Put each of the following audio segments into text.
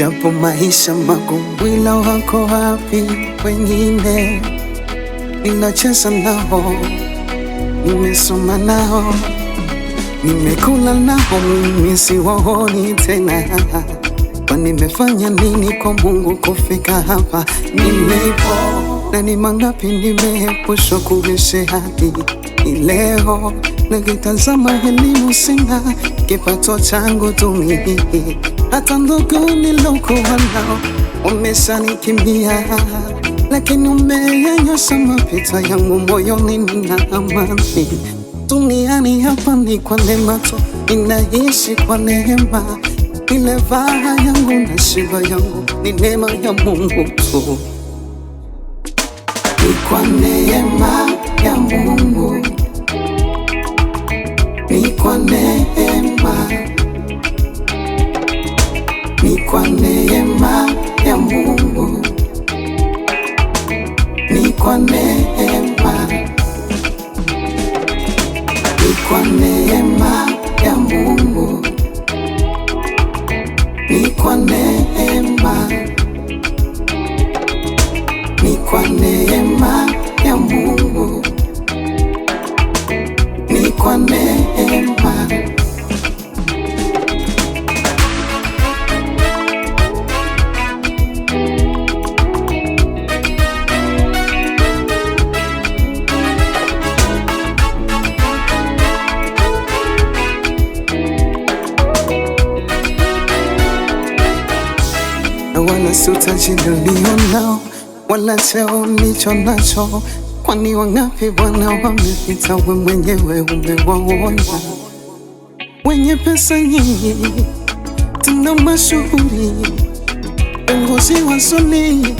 japo maisha magumu, ila wako wapi wengine? Ninacheza nao, nimesoma nao, nimekula nao, mimi siwaoni tena. Kwa nimefanya nini kwa Mungu kufika hapa nilipo? Na ni mangapi nimeepushwa kuishi hadi ileo, nakitazama elimu sina, kipato changu tu hata ndugu nilokuwa nao umeshanikimbia, lakini umeyanyosha mapita yangu moyoni, nina amani. Duniani hapa ni kwa neema tu, ninaishi kwa neema. Ile furaha yangu na shiba yangu ni neema ya Mungu tu, ni kwa neema ya Mungu, ni kwa neema kwa neema ya Mungu, ni kwa neema, ni kwa neema ya Mungu, ni kwa neema, ni kwa neema ya Mungu. si nilio nao wala cheo nicho nacho, kwani wangapi Bwana wamepita, we mwenyewe umewaona. Wenye pesa nyingi tuna mashuhuri, viongozi wazuri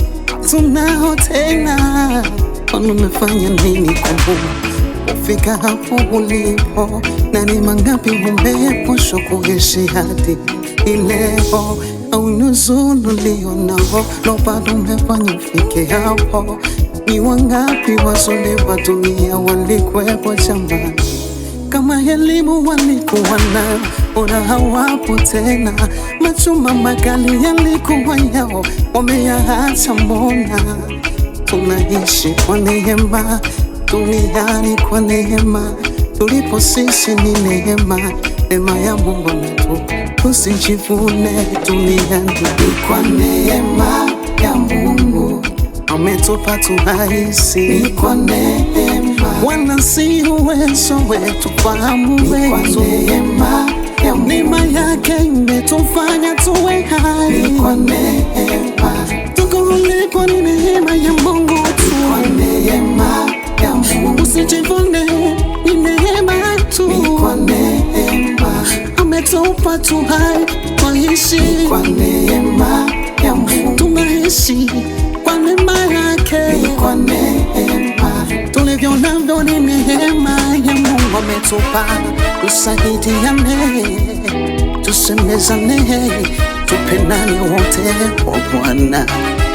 tunao tena, kwani umefanya nini kwa Mungu kufika hapo ulipo? Na ni mangapi umeepushwa kuishi hadi ileo? aunuzululiyo nao no bado umefanya ufike hapo. Ni wangapi wazuri wa dunia walikwekwa kama elimu walikuwa nayo, bora hawapo tena. Machuma makali yalikuwa yao, wameyaacha. Mbona tunaishi kwa neema duniani, kwa neema tulipo sisi ni neema, neema ya Mungu ametupa Usijivune, tumiani, ni kwa neema ya Mungu ametupa tuhaisi, ni kwa neema. Wala si uwezo wetu, fahamu wetu, neema ya Mungu, yake imetufanya tuwe hai, ni kwa neema. Tukuone kwa neema ya Mungu tu, ni kwa neema ya Mungu, usijivune umetupa tuhai twaishi kwa neema ya Mungu, tunaishi kwa neema yake, kwa neema tulivyo navyo ni neema ya Mungu ametupa, tusaidiane, tusemezane, tupendane wote kwa oh Bwana